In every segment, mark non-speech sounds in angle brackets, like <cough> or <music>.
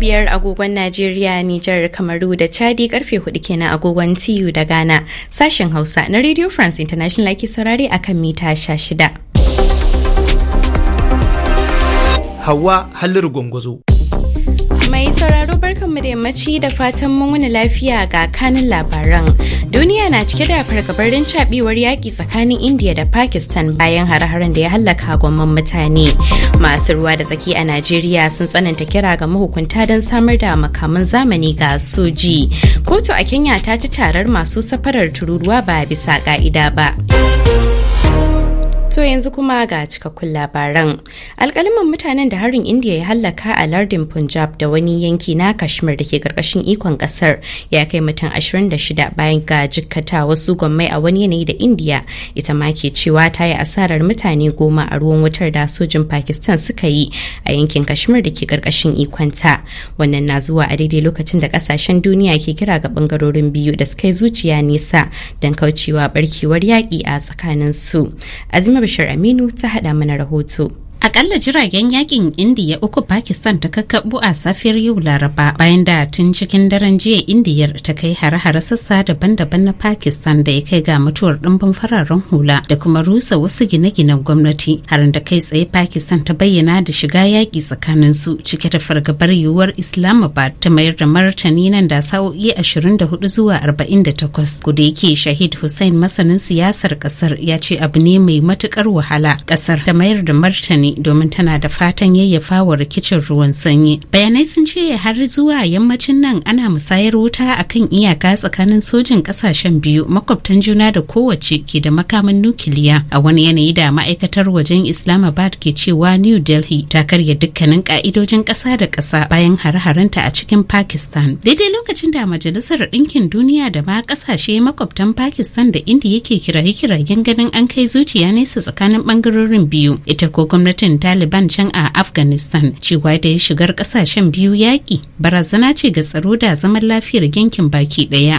biyar agogon Najeriya, Nijar, Kamaru da Chadi karfe hudu kenan agogon TU da Ghana. Sashen Hausa na Radio France International ake saurare akan mita shida. Hawa Halliru Gwangwazo. Mai sauraro mu da yammaci da fatan mun wani lafiya ga kanin labaran. Duniya na cike da fargabarin cabewar yaƙi tsakanin India da Pakistan bayan hare-haren da ya hallaka gwamman mutane. Masu ruwa da tsaki a Najeriya sun tsananta kira ga mahukunta don samar da makaman zamani ga soji. Kotu a Kenya ta ci tarar masu safarar tururuwa ba bisa ka'ida ba. To yanzu kuma ga cikakkun labaran. Alkaliman mutanen da harin Indiya ya hallaka a lardin Punjab da wani yanki na Kashmir da ke karkashin ikon kasar ya kai mutum 26 bayan ga jikkata wasu gwammai a wani yanayi da Indiya ita ma ke cewa ta yi asarar mutane goma a ruwan wutar da sojin Pakistan suka yi a yankin Kashmir da ke karkashin ikonta. Wannan na zuwa a daidai lokacin da kasashen duniya ke kira ga bangarorin biyu da suka yi zuciya nisa don kaucewa barkewar yaƙi a tsakaninsu. Azmi Fatima Bashir Aminu ta haɗa mana rahoto. akalla jiragen yakin indiya uku pakistan ta kakkaɓo a safiyar yau laraba bayan da tun cikin daren jiya indiyar ta kai hare-hare sassa daban-daban na pakistan da ya kai ga mutuwar ɗumbin fararen hula da kuma rusa wasu gine-ginen gwamnati harin da kai tsaye pakistan ta bayyana da shiga yaƙi tsakanin su cike da fargabar yiwuwar islamabad ta mayar da martani nan da sa'o'i 24 zuwa 48 kuda yake shahid hussein masanin siyasar ƙasar ya ce abu ne mai matukar wahala ƙasar ta mayar da martani domin tana da fatan yayyafa wa rikicin ruwan sanyi bayanai sun ce har zuwa yammacin nan ana musayar wuta akan iyaka tsakanin sojin kasashen biyu makwabtan juna da kowace ke da makamin nukiliya a wani yanayi da ma'aikatar wajen islamabad ke cewa new delhi ta karya dukkanin ka'idojin ƙasa da ƙasa bayan hare-harenta a cikin pakistan daidai lokacin da majalisar ɗinkin duniya da ma ƙasashe makwabtan pakistan da indiya ke kiraye-kirayen ganin an kai zuciya nesa tsakanin ɓangarorin biyu ita ko gwamnati. gwamnatin taliban can a afghanistan cewa da ya shigar kasashen biyu yaƙi barazana ce ga tsaro da zaman lafiyar yankin baki ɗaya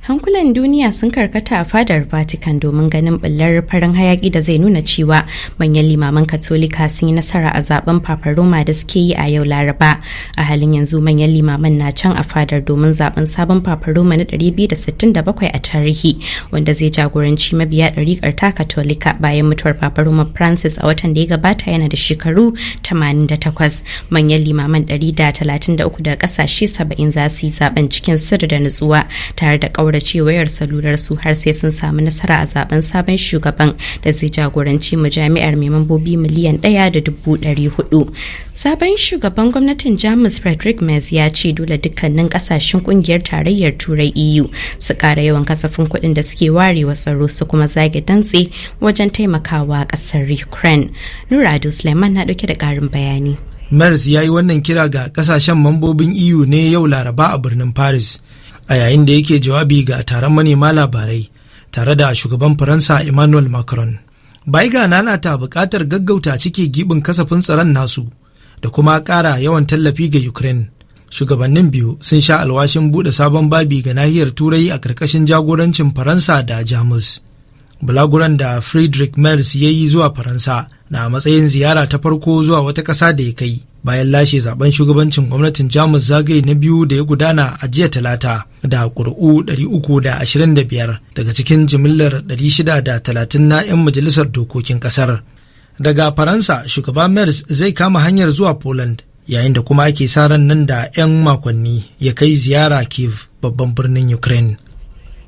hankulan duniya sun karkata a fadar vatican domin ganin bullar farin hayaki da zai nuna cewa manyan limaman katolika sun yi nasara a zaben papar roma da suke yi a yau laraba a halin yanzu manyan limaman na can a fadar domin zaben sabon papar roma na 267 a tarihi wanda zai jagoranci mabiya ɗariƙar ta katolika bayan mutuwar papar roma francis a watan da ya gabata yana da shekaru 88 manyan limaman 133 da ƙasashe 70 za su yi zaben cikin sirri da nutsuwa tare da ƙaurace wayar salular su har sai sun samu nasara a zaben sabon shugaban da zai jagoranci majami'ar mai mambobi miliyan ɗaya da dubu ɗari hudu. Sabon shugaban gwamnatin Jamus Frederick Mez ya ce dole dukkanin kasashen kungiyar tarayyar Turai EU su kara yawan kasafin kuɗin da suke warewa tsaro su kuma zage dantse wajen taimakawa ƙasar Ukraine. Nuradu Suleiman na ɗauke da ƙarin bayani. Mers ya yi wannan kira ga kasashen mambobin EU ne yau Laraba a birnin Paris a yayin da yake jawabi ga taron manema labarai tare da shugaban faransa emmanuel macron baiga ta buƙatar gaggauta cike gibin kasafin tsaron nasu da kuma ƙara yawan tallafi ga ukraine shugabannin biyu sun sha alwashin buɗe sabon babi ga nahiyar turai a ƙarƙashin jagorancin faransa da jamus bulaguran da friedrich merz ya yi zuwa faransa na matsayin ziyara ta farko zuwa wata ƙasa da ya kai bayan lashe zaben shugabancin gwamnatin jamus zagaye na biyu da ya gudana a jiya talata da ƙuri'u 325 daga cikin jimillar 630 na 'yan majalisar dokokin ƙasar daga faransa shugaba mers zai kama hanyar zuwa poland yayin da kuma ake sa ran nan da 'yan makonni ya kai ziyara kiev babban birnin ukraine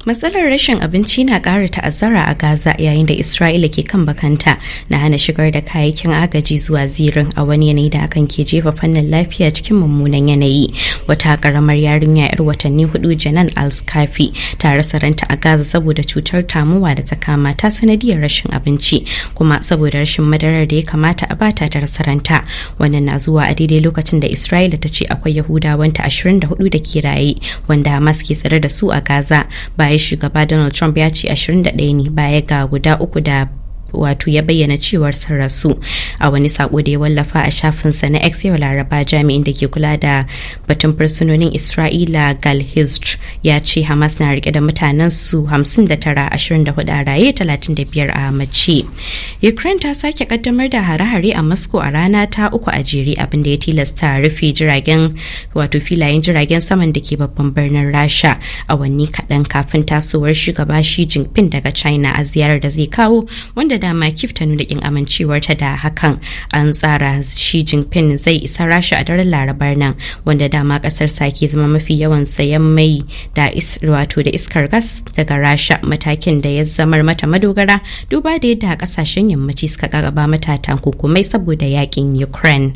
matsalar rashin abinci na ƙara ta'azzara a gaza yayin da isra'ila ke kan bakanta na hana shigar da kayayyakin agaji zuwa zirin a wani yanayi da akan ke jefa fannin lafiya cikin mummunan yanayi wata karamar yarinya yar watanni hudu janan alskafi ta rasa ranta a gaza saboda cutar tamuwa da ta kama ta sanadiyar rashin abinci kuma saboda rashin madarar da ya kamata a bata ta rasa ranta wannan na zuwa a daidai lokacin da isra'ila ta ce akwai yahudawanta 24 da ke raye wanda hamas ke tsare da su a gaza bayan shugaba donald trump ya ce 21 ne baya ga guda uku da wato ya bayyana cewar sun rasu a wani sako da ya wallafa a shafinsa na x yau laraba jami'in da ke kula da batun fursunonin isra'ila gal hist ya ce hamas na rike da mutanen su 59 24 a raye 35 a mace ukraine ta sake kaddamar da hare-hare a moscow a rana ta uku a jere abinda ya tilasta rufe jiragen wato filayen jiragen saman da ke babban birnin rasha awanni kaɗan kafin tasowar shugaba shi jinping daga china a ziyarar da zai kawo wanda dama ma kif ta nuna kin amincewarta da hakan an tsara shi jinping zai isa rasha a daren larabar nan wanda dama kasar sake zama mafi yawan sayan mai da wato da iskar gas daga rasha matakin da ya zamar mata madogara duba da yadda kasashen yammaci suka ƙaraba mata takunkumai saboda yakin ukraine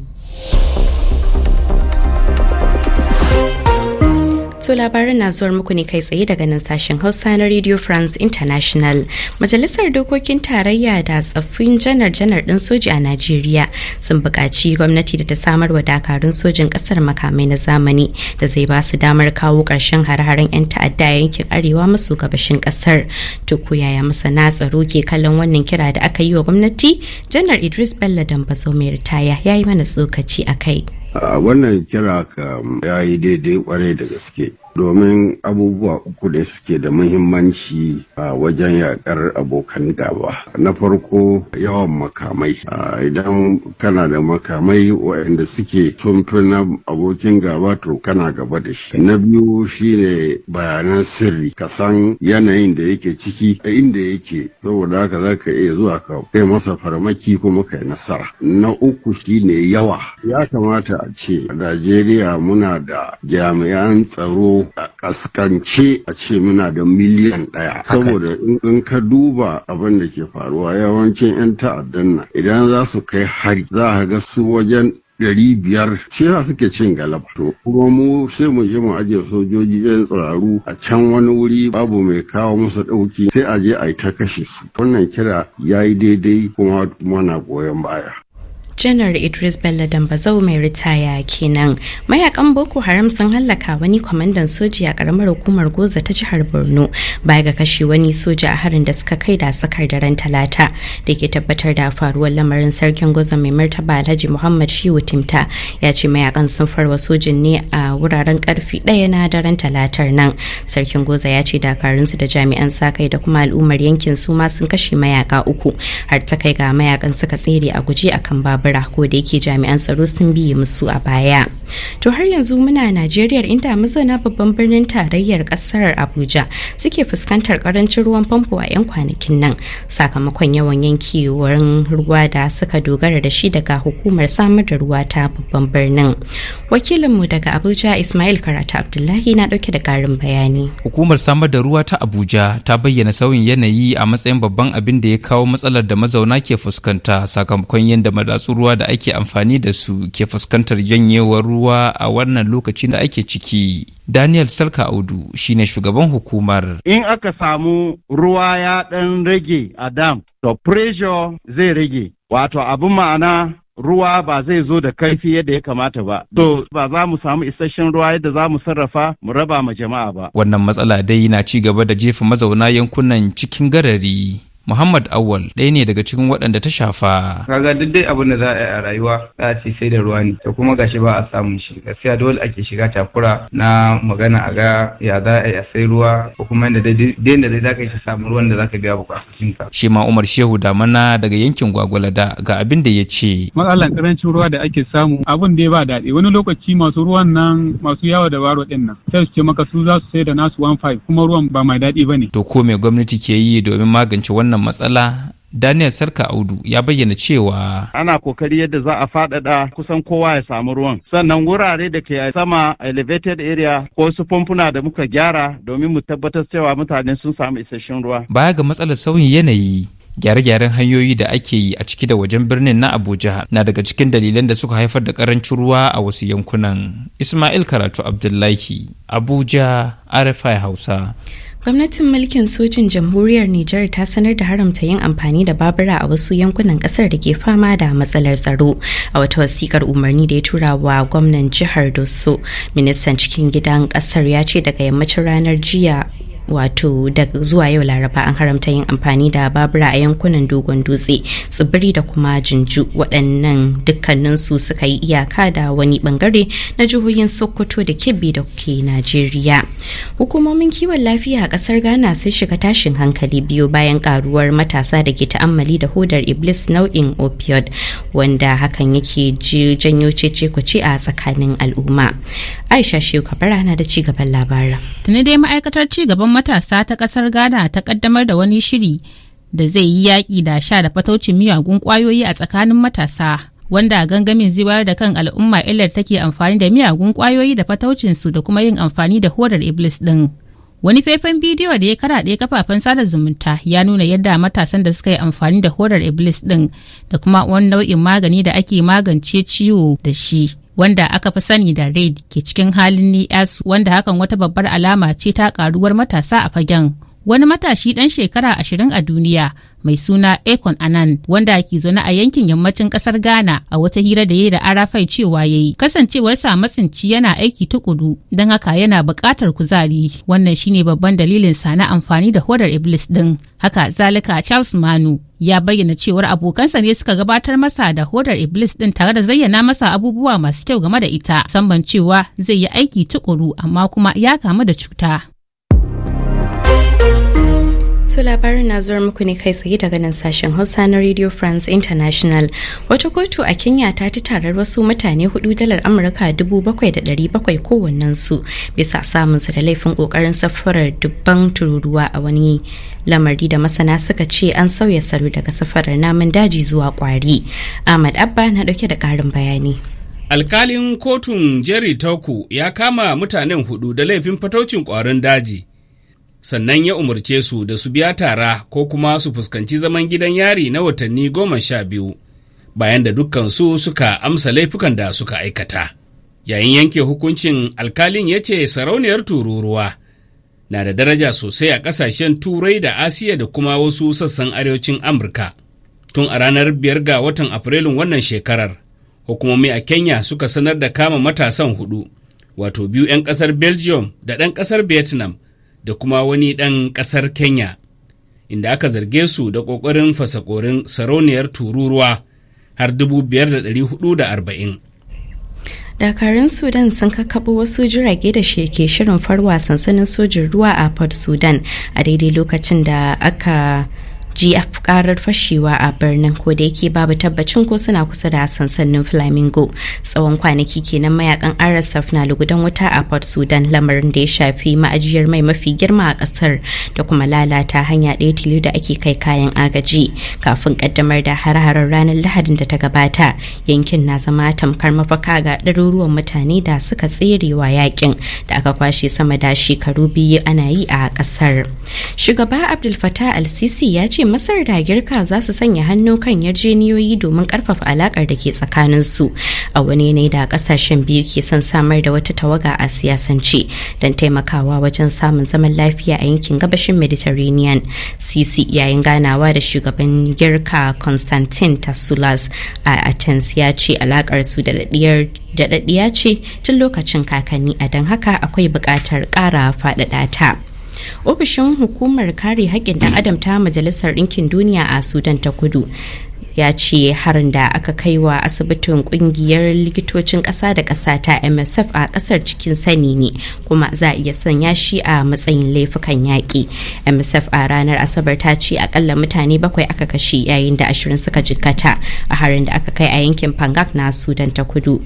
To labarin na zuwar muku ne kai tsaye daga nan sashen Hausa na Radio France International. Majalisar Dokokin Tarayya da tsaffin janar-janar din soji a Najeriya sun bukaci gwamnati da ta samar wa dakarun sojin ƙasar makamai na zamani da zai ba su damar kawo ƙarshen har-haren 'yan ta'adda yankin arewa maso gabashin ƙasar. Tuku yaya masana tsaro ke kallon wannan kira da aka yi wa gwamnati? Janar Idris Bello Dambazo mai ritaya ya yi mana tsokaci a kai. wannan kira ka ya yi daidai kwarai da gaske domin abubuwa uku da suke da muhimmanci a wajen yaƙar abokan gaba na farko yawan makamai idan kana da makamai waɗanda suke tumfi na abokin gaba to kana gaba da shi na biyu shine bayanan sirri ka san yanayin da yake ciki a inda yake saboda haka za ka iya zuwa ka kai masa farmaki kuma kai nasara na uku shine yawa ya kamata a ce A najeriya muna da jami'an tsaro a kaskance a ce muna da miliyan ɗaya saboda in ka duba abin da ke faruwa yawancin 'yan ta'addan nan idan za su kai hari za a ga su wajen ɗari biyar shi suke cin galaba to kuma mu sai mu je mu ajiye sojoji yan tsiraru a can wani wuri babu mai kawo musu ɗauki sai a je a yi ta kashe su wannan kira ya yi daidai kuma na goyon baya janar idris bello dambazau mai ritaya kenan mayakan boko haram sun hallaka wani kwamandan soji a karamar hukumar goza ta jihar borno baya ga kashe wani soja a harin da suka kai da sakar daren talata da ke tabbatar da faruwar lamarin sarkin goza mai martaba alhaji muhammad shiwu timta ya ce mayakan sun farwa sojin ne a wuraren karfi ɗaya na daren talatar nan sarkin goza ya ce dakarunsu da jami'an sa kai da kuma al'ummar yankin su ma sun kashe mayaka uku har ta kai ga mayakan suka tsere a guje akan babu babura ko da yake jami'an tsaro sun biye musu a baya to har yanzu muna najeriya inda mazauna babban birnin tarayyar kasar abuja suke fuskantar karancin ruwan famfo a 'yan kwanakin nan sakamakon yawan yankewar ruwa da suka dogara da shi daga hukumar samar da ruwa ta babban birnin wakilinmu daga abuja ismail karata abdullahi na dauke da karin bayani hukumar samar da ruwa ta abuja ta bayyana sauyin yanayi a matsayin babban abin da ya kawo matsalar da mazauna ke fuskanta sakamakon yadda madatsu ruwa da ake amfani da su ke fuskantar janyewar ruwa a wannan lokacin da ake ciki. Daniel Sarka Audu shine shugaban hukumar. In aka samu ruwa ya ɗan rage a dam, to pressure zai rage. Wato abin ma'ana ruwa ba zai zo da karfi yadda ya kamata ba. To ba za mu samu isasshen ruwa yadda za mu sarrafa mu raba ma jama'a ba. Wannan matsala dai na ci gaba da jefa mazauna yankunan cikin garari. Muhammad Awal ɗaya ne daga cikin waɗanda ta shafa. Kaga duk dai abin da za a yi a rayuwa za a ce sai da ruwa ne to kuma gashi ba a samu shi gaskiya dole ake shiga takura na magana a ga ya za a yi a sai ruwa ko kuma yadda dai da dai za ka yi samu ruwan da za ka biya ka. Shi ma Umar Shehu Damana daga yankin Gwagwalada ga abin da ya ce. Matsalan karancin ruwa da ake samu abin ya ba daɗi wani lokaci masu ruwan nan masu yawa da baro ɗin nan sai su ce maka su za su sai da nasu 1.5 kuma ruwan ba mai daɗi ba ne. To ko me gwamnati ke yi domin magance wannan wannan matsala Daniel Sarka Audu ya bayyana cewa ana kokari yadda za a faɗaɗa kusan kowa ya samu ruwan sannan wurare da ke sama elevated area ko su famfuna da muka gyara domin mu tabbatar cewa mutane sun samu isasshen ruwa baya ga matsalar sauyin yanayi gyare-gyaren hanyoyi da ake yi a ciki da wajen birnin na Abuja na daga cikin dalilan da suka haifar da karancin ruwa a wasu yankunan. Ismail Karatu Abdullahi, Abuja, RFI Hausa. Gwamnatin mulkin sojin jamhuriyar Nijar ta sanar da haramta yin amfani da babura a wasu yankunan kasar da ke fama da matsalar tsaro a wata wasikar umarni da ya tura wa gwamnan jihar Dosso. Ministan cikin gidan kasar ya ce daga yammacin ranar jiya wato daga zuwa yau laraba an haramta yin amfani da babura a yankunan dogon dutse tsibiri da kuma jinju waɗannan dukkaninsu suka yi iyaka da wani bangare na jihohin sokoto da kebbi da ke najeriya hukumomin kiwon lafiya a ƙasar ghana sun shiga tashin hankali biyu bayan karuwar matasa da ke ta'ammali da hodar iblis nau'in opioid wanda hakan yake janyo cece ce a tsakanin al'umma aisha shehu kabara na da cigaban labaran. tuni dai ma'aikatar cigaban matasa ta kasar Ghana ta kaddamar da wani shiri da zai yi yaƙi da sha da fataucin miyagun ƙwayoyi a tsakanin matasa. wanda gangamin zai wayar da kan al'umma illar take amfani da miyagun kwayoyi da su da kuma yin amfani da horar iblis din wani faifan bidiyo da ya kara ɗaya kafafen sada zumunta ya nuna yadda matasan da suka yi amfani da horar iblis din da kuma wani nau'in magani da ake magance ciwo da shi wanda aka fi sani da raid ke cikin halin nias wanda hakan wata babbar alama ce ta karuwar matasa a fagen wani matashi ɗan shekara ashirin a duniya mai suna Akon Anan wanda ake zaune a yankin yammacin ƙasar Ghana a wata hira da yayi da Arafai cewa yayi kasancewarsa matsinci yana aiki tukuru don haka yana buƙatar kuzari wannan shine babban dalilin sa na amfani da hodar Iblis din haka zalika Charles Manu ya bayyana cewar abokansa ne suka gabatar masa da hodar iblis din tare da zayyana masa abubuwa masu kyau game da ita Samban cewa zai yi aiki tukuru amma kuma ya kamu da cuta masu labarin na zuwar muku ne kai sai daga nan sashen Hausa na Radio France International. Wata kotu a Kenya ta ci tarar wasu mutane hudu dalar Amurka dubu bakwai da dari bakwai kowannen su bisa samun su da laifin kokarin safarar dubban tururuwa a wani lamari da masana suka ce an sauya salo daga safarar namun daji zuwa kwari. Ahmad Abba na dauke da karin bayani. Alkalin kotun Jerry toku ya kama mutanen hudu da laifin fataucin kwarin daji sannan ya umarce su da su biya tara ko kuma su fuskanci zaman gidan yari na watanni goma sha biyu bayan da dukkansu suka amsa laifukan da suka aikata yayin yanke hukuncin alkalin ya ce sarauniyar tururuwa na da daraja sosai a ƙasashen turai da asiya da kuma wasu sassan arewacin amurka tun a ranar biyar ga watan afrilun wannan shekarar hukumomi a kenya suka sanar da kama matasan hudu wato biyu 'yan ƙasar belgium da ɗan ƙasar vietnam da kuma wani ɗan ƙasar Kenya, inda aka zarge su da ƙoƙarin fasakorin sarauniyar tururuwa har dubu biyar da da hudu arba'in. dakarun sudan sun kakaɓo wasu jirage da sheke shirin farwa sansanin sojin ruwa a port sudan a daidai lokacin da aka gf karar fashewa a birnin ko da yake babu tabbacin ko suna kusa da sansanin flamingo tsawon kwanaki kenan mayakan rsf na lugudan wuta a port sudan lamarin da ya shafi ma'ajiyar mai mafi girma a kasar da kuma lalata hanya ɗaya tilo da ake kai kayan agaji kafin kaddamar da har-harar ranar lahadin da ta gabata yankin na zama tamkar mafaka ga ɗaruruwan mutane da suka tserewa yakin da aka kwashe sama da shekaru biyu ana yi a kasar shugaba abdul fatah al-sisi ya ce Gwamnatin Masar da Girka za su sanya hannu kan yarjeniyoyi domin karfafa alakar da ke tsakanin su a wani ne da kasashen biyu ke son samar da wata tawaga a siyasance don taimakawa wajen samun zaman lafiya a yankin gabashin Mediterranean. cc yayin ganawa da shugaban Girka Constantine Tasulas a Athens ya ce alakar su da daɗaɗɗiya ce tun lokacin kakanni a don haka akwai buƙatar ƙara faɗaɗa ta. ofishin hukumar kare haƙƙin ɗan adam ta majalisar ɗinkin duniya a sudan ta kudu ya ce harin da aka kai wa asibitin kungiyar likitocin ƙasa da ƙasa ta msf a ƙasar cikin sani ne kuma za a iya sanya shi a matsayin laifukan yaƙi msf a ranar asabar ta ce akalla mutane bakwai aka kashe yayin da ashirin suka jikata a harin da aka kai a yankin pangak na sudan ta kudu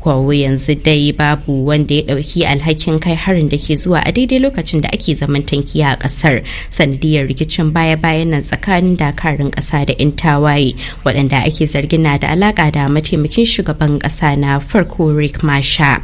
kwawo yanzu dai babu wanda ya ɗauki alhakin kai harin da ke zuwa a daidai lokacin da ake zaman tankiya a ƙasar sanadiyar rikicin baya-bayan nan tsakanin dakarun ƙasa da 'yan tawaye waɗanda ake zargin na da alaƙa da mataimakin shugaban ƙasa na farko rick masha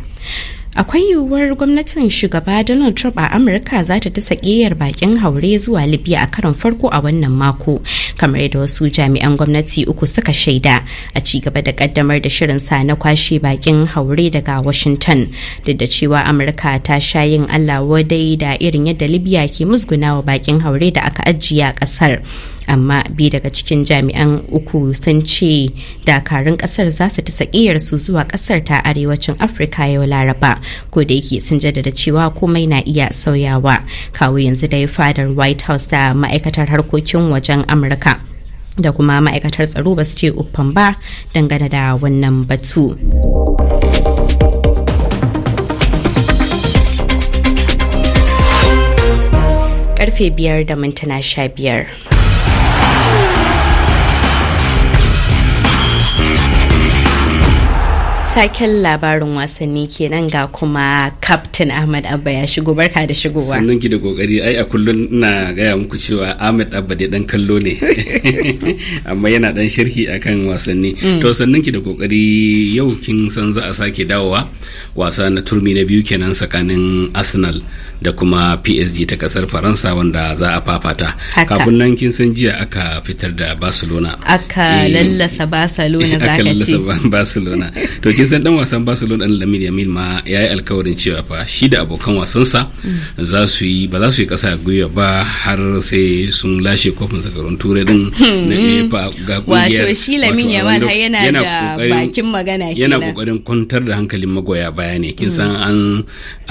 akwai yiwuwar gwamnatin shugaba donald trump a amurka za ta dasa ƙiyar bakin haure zuwa libya a karon farko a wannan mako kamar yadda wasu jami'an gwamnati uku suka shaida a ci gaba da kaddamar da shirin sa na kwashe bakin haure daga washington duk da cewa amurka ta sha yin allah wadai da irin yadda libya ke musgunawa bakin haure da aka ajiye a kasar. amma bi daga cikin jami'an uku sun ce dakarun kasar za su ta su zuwa kasar ta arewacin afirka yau laraba ko da yake sun jaddada cewa komai na iya sauyawa kawo yanzu dai fadar white house da ma'aikatar harkokin wajen amurka da kuma ma'aikatar tsaro ba su ce uffan ba dangane da wannan batu. karfe biyar da mintuna sha biyar. taken labarin wasanni kenan ga kuma captain ahmad abba ya shigo barka da shigowa sannan ki da kokari ai a kullun ina gaya muku cewa ahmad abba dai dan kallo ne <laughs> amma yana dan sharhi akan wasanni mm. to sannan ki da kokari yau kin san za a sake dawowa wasa na turmi na biyu kenan tsakanin arsenal da kuma psg ta kasar faransa wanda za a fafata kafin nan kin san jiya aka fitar da barcelona aka eh. lallasa barcelona zaka ce aka lallasa barcelona to kin san dan wasan barcelona dan lamin yamin ma ya yi alkawarin cewa fa shi da abokan wasansa za su yi ba za su yi kasa gwiwa ba har sai sun lashe kofin zakarun turai din hmm. na efa ga kungiyar wato shi lamin yana da bakin magana yana kokarin kwantar da hankalin magoya baya ne kin san hmm. an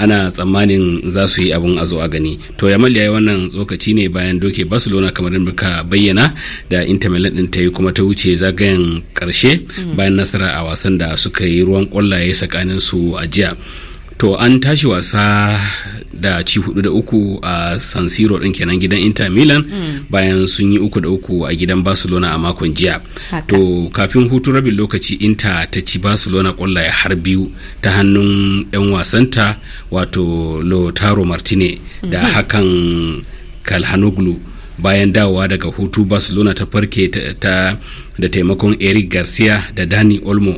ana tsammanin za su yi abun azo a gani to yamal yayi wannan tsokaci ne bayan doke barcelona kamar da muka bayyana da inter milan din ta yi kuma ta wuce zagayen karshe hmm. bayan nasara a wasan da suka yi ruwan kwallaye tsakanin su a jiya to an tashi wasa da ci hudu da uku a san siro din kenan gidan inter milan mm. bayan sun yi uku da uku a gidan barcelona a makon jiya to kafin hutu rabin lokaci inter ta ci barcelona kwallaye har biyu ta hannun 'yan wasanta wato lotaro martine da mm-hmm. hakan kalhanoglu bayan dawowa daga hutu barcelona ta farke ta da taimakon eric garcia da dani olmo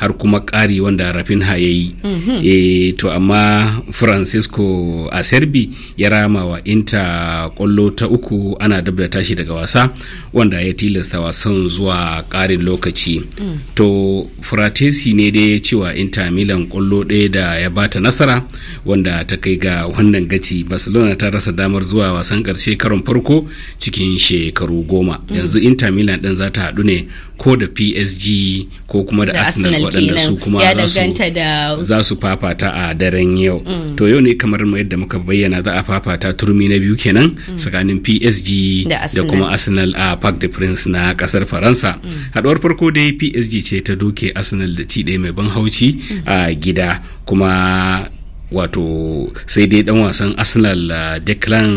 har kuma ƙari wanda rafin ya yi mhm. eh, to amma francisco acerbi ya rama wa inter ƙwallo ta uku ana dabda tashi daga wasa wanda ya tilasta wasan zuwa ƙarin lokaci mm. to fratesi ne dai ya ce wa inter milan ƙwallo ɗaya da ya bata nasara wanda ta kai ga wannan gaci barcelona ta rasa damar zuwa wasan ƙarshe karon farko cikin shekaru goma mm. yanzu inter milan ɗin za ta haɗu ne ko da psg ko kuma da arsenal waɗanda su kuma za su fafata a daren yau mm. to yau ne kamar yadda muka bayyana za a fafata turmi na biyu kenan mm. tsakanin psg da kuma arsenal a park de prince na kasar faransa mm. haɗuwar farko dai psg ce ta doke arsenal da ci ɗaya mai ban hauci a gida kuma wato sai dai dan wasan arsenal uh, declan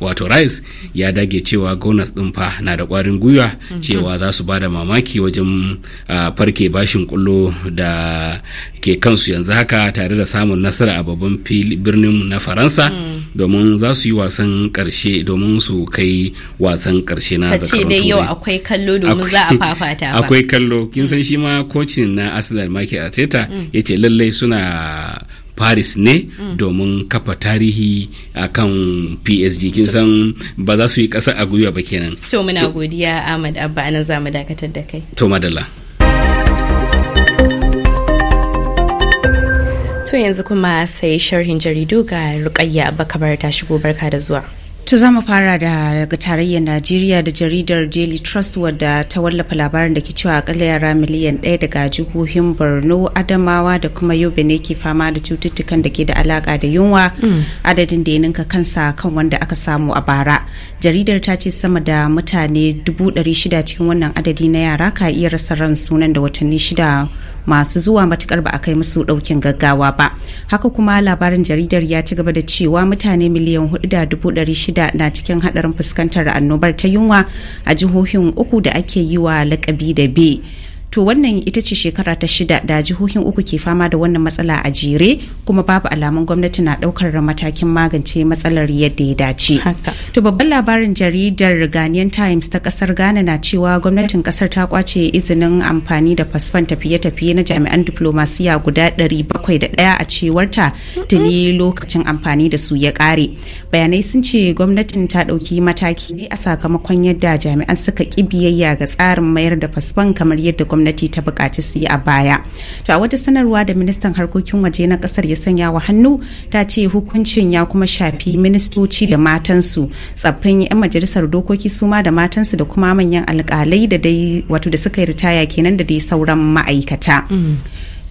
wato rice ya dage cewa gonas din fa na da kwarin gwiwa mhm. cewa za su ba da mamaki wajen uh, farke bashin kullo da ke kansu yanzu haka tare da samun nasara a babban birnin na faransa hmm. domin za su yi wasan karshe domin su kai wasan karshe na zakarun turai yau akwai kallo domin za a fafata <laughs> akwai kallo kin san hmm. shi ma kocin na arsenal mike arteta hmm. yace lallai suna paris ne domin kafa tarihi akan psg kin san ba za su yi kasa a gwiwa ba kenan to muna godiya ahmad abba anan za mu dakatar da kai to madalla to yanzu kuma sai sharhin jaridu ga rukayya abba kabar ta shigo barka da zuwa To za mu fara daga tarayyar Najeriya da jaridar Daily Trust wadda ta wallafa labarin da ke cewa akalla yara miliyan ɗaya daga jihohin Borno, Adamawa da kuma Yobe ne ke fama da cututtukan da ke da alaka da yunwa mm. adadin da ya ninka kansa kan wanda aka samu a bara. Jaridar ta ce sama da mutane dubu ɗari shida cikin wannan adadi na yara ka iya rasa ran sunan da watanni shida masu zuwa matukar ba a kai musu daukin gaggawa ba haka kuma labarin jaridar ya ci gaba da cewa mutane miliyan hudu da na cikin hadarin fuskantar annobar ta yunwa a jihohin uku da ake yi wa lakabi da b to wannan ita ce shekara ta shida da jihohin uku ke fama da wannan matsala a jere kuma babu alamun gwamnati na daukar matakin magance matsalar yadda ya dace to babban labarin jaridar Ghanaian Times ta kasar Ghana na cewa gwamnatin kasar ta kwace izinin amfani da fasfan tafiye-tafiye na jami'an diplomasiya guda ɗari bakwai da ɗaya a cewar ta tuni lokacin amfani da su ya kare bayanai sun ce gwamnatin ta ɗauki mataki ne a sakamakon yadda jami'an suka ƙi biyayya ga tsarin mayar da fasfan kamar yadda gwamnati gwamnati ta bukaci su yi a baya to a wata sanarwa da ministan harkokin waje na kasar ya sanya wa hannu ta ce hukuncin ya kuma shafi ministoci da matansu tsaffin 'yan majalisar dokoki su ma da matansu da kuma manyan alkalai da dai wato da suka yi ritaya kenan da dai sauran ma'aikata. Mm.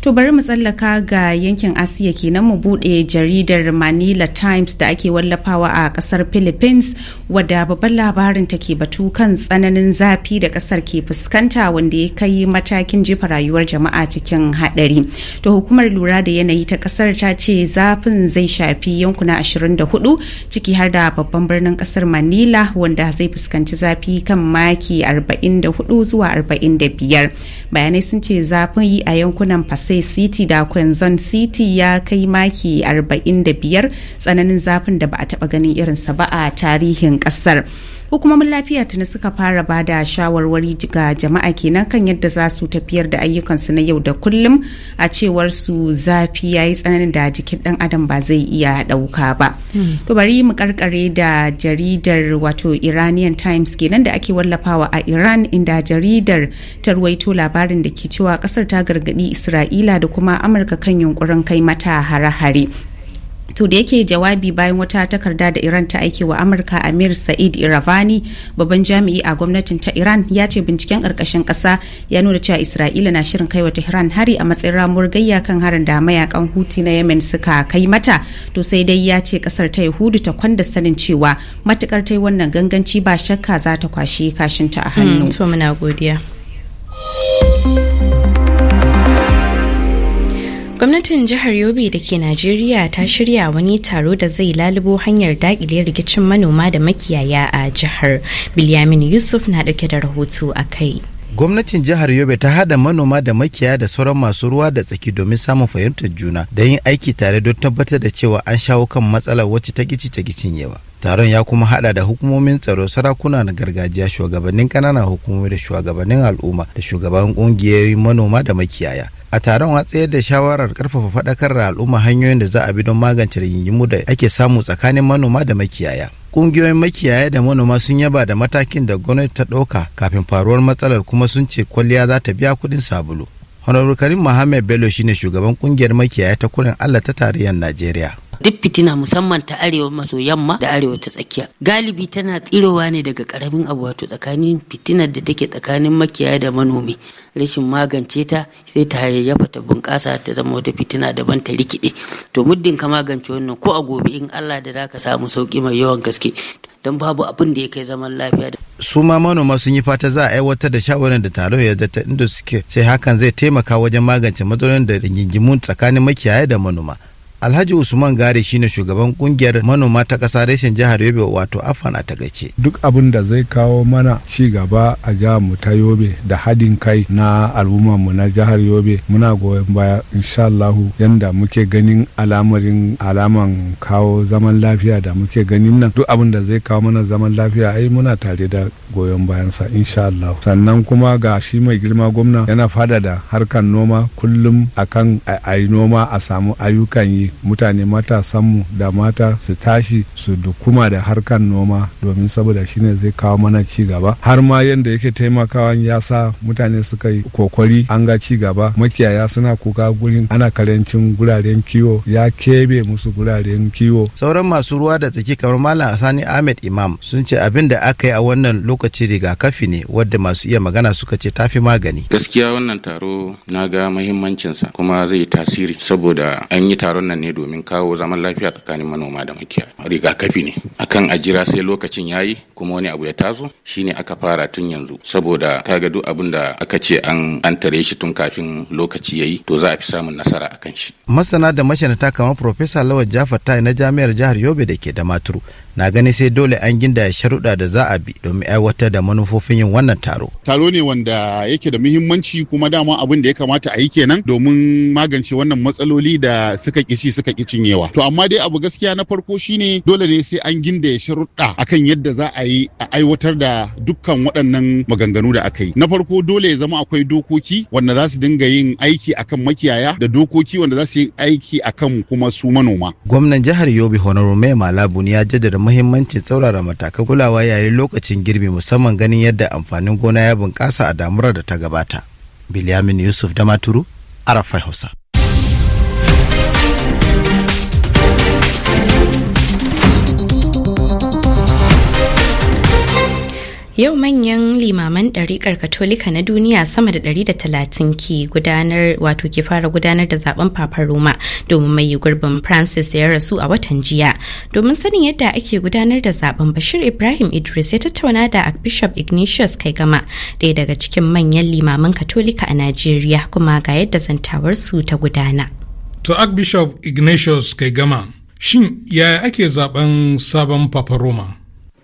To bari mu tsallaka ga yankin Asiya kenan mu bude jaridar Manila Times da ake wallafawa a kasar Philippines wadda babban labarin ta ke batu kan tsananin zafi da kasar ke fuskanta wanda ya kai matakin jefa rayuwar jama'a cikin hadari. To hukumar lura da yanayi ta kasar ta ce zafin zai shafi yankuna 24 ciki har da babban birnin kasar Manila wanda zai fuskanci zafi kan maki 44 zuwa 45. Bayanai sun ce zafin yi a yankunan Pacific sai city da kwanzon city ya kai maki 45 tsananin zafin da ba a taba ganin irinsa ba a tarihin kasar hukumomin lafiya tuni suka fara ba da shawarwari ga jama'a kenan kan yadda za su tafiyar da ayyukansu na yau da kullum a cewar su zafi ya yi tsananin da jikin dan adam ba zai iya dauka ba to bari mu karkare da jaridar wato iranian times kenan da ake wallafawa a iran inda jaridar ta ruwaito labarin da ke cewa kasar ta gargaɗi isra'ila da kuma amurka kan yunkurin kai mata hare-hare to da yake jawabi bayan wata takarda da iran ta aike wa amurka amir sa'id iravani babban jami'i a gwamnatin ta iran ya ce binciken karkashin kasa ya nuna cewa isra'ila na shirin kai kaiwa tehran hari a matsayin ramuwar gayya kan harin da mayakan huti na yemen suka kai mata to sai dai ya ce kasar ta yahudu ta kwanda sanin cewa matukar ta yi wannan ganganci ba shakka za ta kwashe kashinta a hannu. Mm, to muna godiya. gwamnatin jihar yobe da ke najeriya ta shirya wani taro da zai lalubo hanyar dakile rikicin manoma da makiyaya a jihar bilyamin yusuf na dauke da rahoto a kai gwamnatin jihar yobe ta hada manoma da makiya da sauran masu ruwa da tsaki domin samun fahimtar juna da yin aiki tare don tabbatar da cewa an shawo kan matsalar wacce ta gici ta gicin yawa taron ya kuma hada da hukumomin tsaro sarakuna na gargajiya shugabannin kananan hukumomi da shugabannin al'umma da shugaban kungiyoyin manoma da makiyaya a taron a tsayar da shawarar karfafa fadakar da al'umma hanyoyin da za a bi don magance rigingimu da ake samu tsakanin manoma da makiyaya kungiyoyin makiyaya da manoma sun yaba da matakin da gwamnati ta ɗauka kafin faruwar matsalar kuma sun ce kwalliya za ta biya kuɗin sabulu honorable karim mohammed bello shine shugaban kungiyar makiyaya ta kudin allah ta tarayyar najeriya duk fitina musamman ta arewa maso yamma da arewa ta tsakiya galibi tana tsirowa ne daga karamin abu wato tsakanin fitinar da take tsakanin makiyaya da manomi rashin magance ta sai ta hayayyafa ta bunƙasa ta zama wata fitina daban ta rikide to muddin ka magance wannan ko a gobe in Allah da zaka samu sauki mai yawan gaske don babu abin da ya kai zaman lafiya da su ma manoma sun yi fata za a aiwatar da shawarar da taro ya zata inda suke sai hakan zai taimaka wajen magance matsalolin da rigingimun tsakanin makiyaya da manoma Alhaji Usman Gare shine shugaban kungiyar manoma ta kasa reshen jihar Yobe wato Afan a tagace. Duk abin da zai kawo mana ci gaba a jihar mu ta Yobe da hadin kai na al'umma mu na jihar Yobe muna goyon baya insha Allah yanda muke ganin alamarin alaman kawo zaman lafiya da muke ganin nan duk abin da zai kawo mana zaman lafiya ai muna tare da goyon bayansa insha Allah. Sannan kuma ga shi mai girma gwamna yana da harkar noma kullum akan a yi noma a samu ayyukan yi mutane mata samu da mata su tashi su dukuma da harkan noma domin saboda shine zai kawo mana ci gaba har ma yadda yake taimakawa ya sa mutane suka yi kokori an ga ci gaba makiyaya suna kuka gurin ana karancin guraren kiwo ya kebe musu guraren kiwo sauran masu ruwa da tsaki kamar malam sani ahmed imam sun ce abin da aka yi a wannan lokaci rigakafi ne wadda masu iya magana suka ce tafi magani gaskiya wannan taro na ga mahimmancinsa kuma zai tasiri saboda an yi taron nan ne domin kawo zaman lafiya tsakanin manoma da makiyaya rigakafi ne akan a jira sai lokacin yayi kuma wani abu ya tazo shine aka fara tun yanzu saboda kaga duk abin da aka ce an an tare shi tun kafin lokaci yayi to za a fi samun nasara akan shi masana da masharanta kamar professor Lawal Jafar Tai na Jami'ar Jihar Yobe da ke da maturu na gani sai dole an ginda sharuɗa da za a bi domin aiwatar da manufofin yin wannan taro. Taro ne wanda yake da muhimmanci kuma dama abin da ya kamata a yi kenan domin magance wannan matsaloli da suka kici suka kicin cinyewa. To amma dai abu gaskiya na farko shine dole ne sai an ginda sharuɗa akan yadda za a yi a aiwatar da dukkan waɗannan maganganu da aka yi. Na farko dole ya zama akwai dokoki wanda za su dinga yin aiki akan makiyaya da dokoki wanda za su yi aiki akan kuma su manoma. Gwamnan jihar Yobe Honorable Mai Malabu ya jaddada muhimmanci tsaurara matakan kulawa yayin lokacin girbi musamman ganin yadda amfanin gona ya bunƙasa a damurar da ta gabata. Biliyamin Yusuf Damaturu, Arafai Hausa. Yau manyan limaman ɗariƙar Katolika na duniya sama da 130 ke gudanar wato ke fara gudanar da zaben Papar Roma domin mai gurbin Francis ya rasu a watan jiya. Domin sanin yadda ake gudanar da zaben Bashir Ibrahim Idris ya tattauna da Bishop Ignatius gama ɗaya daga cikin manyan limaman Katolika a Najeriya kuma ga yadda zantawarsu ta gudana. To Archbishop Ignatius gama shin yaya ake zaben sabon Papa Roma?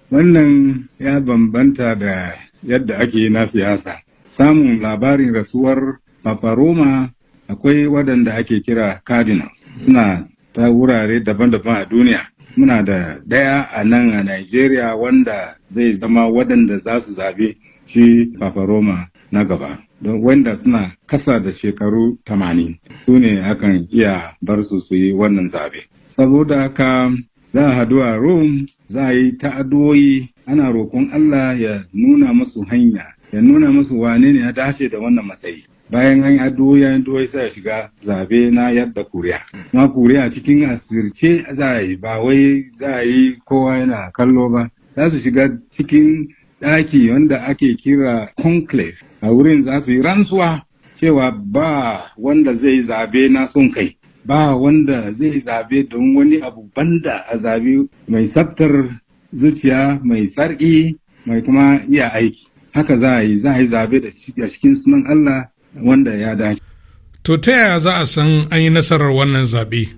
Wannan ya bambanta da yadda ake na siyasa. Samun labarin rasuwar paparoma akwai waɗanda ake kira cardinals suna ta wurare daban-daban a duniya. Muna da ɗaya a nan a Najeriya wanda zai zama waɗanda za su zaɓe shi paparoma na gaba. Don wanda suna kasa da shekaru tamanin, su ne akan iya bar su su yi wannan zaɓe. Saboda haka za a haɗu a Rome za a yi ta'addu'o'i ana roƙon Allah ya nuna musu hanya ya nuna musu wane ne ya dace da wannan matsayi bayan an yi addu'o'i an doyi sai ya shiga zabe na yadda kuriya na kuriya cikin asirce za a yi ba wai za a yi kowa yana kallo ba za su shiga cikin ɗaki wanda ake kira conclave a wurin za su yi rantsuwa cewa ba wanda zai zabe na son kai ba wanda zai zabe don wani abu banda a zabe mai tsaftar zuciya mai tsarki mai kuma iya aiki haka za a yi za a yi zabe da cikin sunan Allah wanda ya dace. To ta yaya za a san an yi nasarar wannan zabe?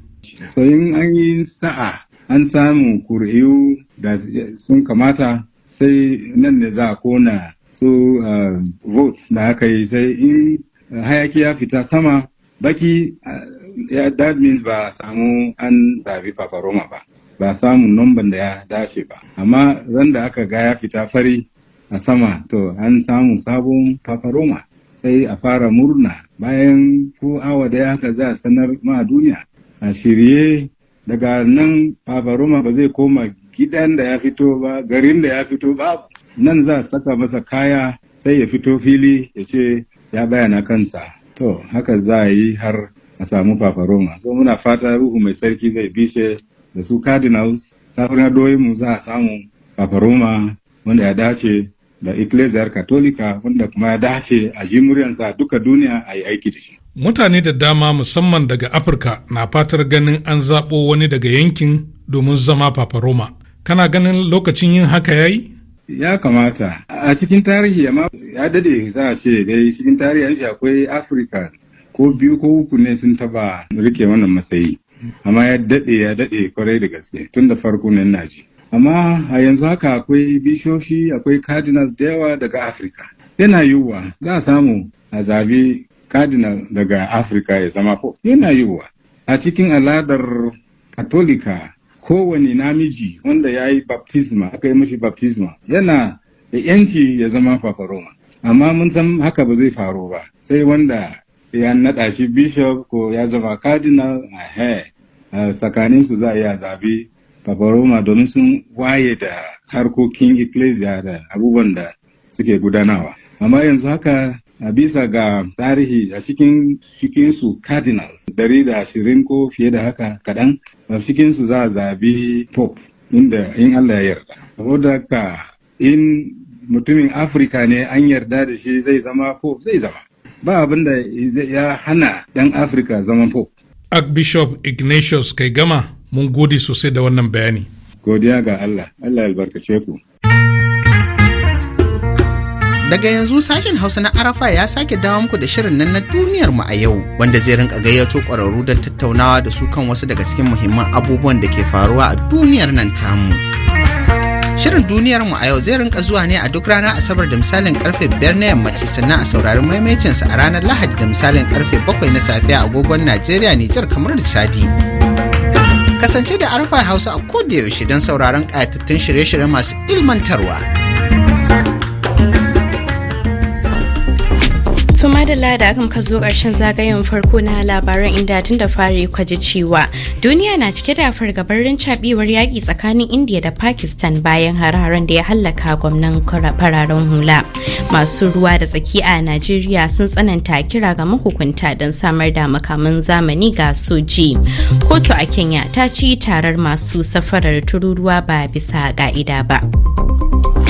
So in an yi sa'a an samu kuri'u da sun kamata sai nan ne za a kona su ah, votes da aka yi sai in hayaki ya fita sama baki ah, that means ba samu an zabi fafaroma ba ba samu nomban da ya dace ba amma ran da aka ga ya fita fari a sama to an samu sabon fafaroma sai a fara murna bayan ko awa da haka za a sanar ma duniya a shirye daga nan fafaroma ba zai koma gidan da ya fito ba garin da ya fito ba nan za a saka masa kaya sai ya fito fili ya ce ya bayana kansa to haka za a yi har a samu fafaroma so muna fata ruhu mai sarki zai bishe da su cardinals tafirin mu za a samu fafaroma wanda ya dace da ecclesiar katolika wanda kuma ya dace a ji duka duniya a yi aiki da shi mutane da dama musamman daga afirka na fatar ganin an zaɓo wani daga yankin domin zama fafaroma kana ganin lokacin yin haka yayi ya kamata a cikin tarihi ya dade za a ce dai cikin an shi akwai afirka ko biyu ko uku ne sun taba rike wannan matsayi amma ya daɗe ya daɗe kwarai da gaske tun da farko ne na ji amma a yanzu haka akwai bishoshi akwai cardinals da yawa daga afirka yana yiwuwa za a samu a zabi cardinal daga afirka ya zama ko yana yiwuwa a cikin aladar katolika kowane namiji wanda ya yi baptisma aka yi mashi baptisma yana da yanci ya zama fafaroma amma mun san haka ba zai faru ba sai wanda ya naɗa shi bishop ko ya zama cardinal a tsakanin su za a iya zabi paparoma domin sun waye da harkokin ecclesia da abubuwan da suke gudanawa amma yanzu haka a bisa ga tarihi a cikin cikinsu cardinals dari da ashirin ko fiye da haka kaɗan a cikinsu za a zabi pope inda in allah ya yarda saboda in mutumin afirka ne an yarda da shi zai zama pope zai zama ba abin da ya hana ɗan afirka zaman pope archbishop ignatius kai gama mun gode sosai da wannan bayani godiya ga allah allah albarkace ku Daga yanzu sashen Hausa na Arafa ya sake dawo muku da shirin nan na duniyar mu a yau wanda zai rinka gayyato ƙwararru don tattaunawa da su kan wasu daga cikin muhimman abubuwan da ke faruwa a duniyar nan tamu. Shirin duniyar mu a yau zai rinka zuwa ne a duk ranar Asabar da misalin karfe biyar na yamma sannan a saurarin maimaicin sa a ranar Lahadi da misalin karfe bakwai na safiya a agogon Najeriya Nijar kamar da Chadi. Kasance da Arfa Hausa a ko da yaushe don sauraron kayatattun shirye-shirye masu ilmantarwa. alhamdulillah da aka muka zo ƙarshen zagayen farko na labaran inda tun da fari kwaji cewa duniya na cike da fargabarin cabewar yaƙi tsakanin india da pakistan bayan hararen da ya hallaka gwamnan fararen hula masu ruwa da tsaki a najeriya sun tsananta kira ga mahukunta don samar da makaman zamani ga soji kotu a kenya ta ci tarar masu safarar tururuwa ba bisa ka'ida ba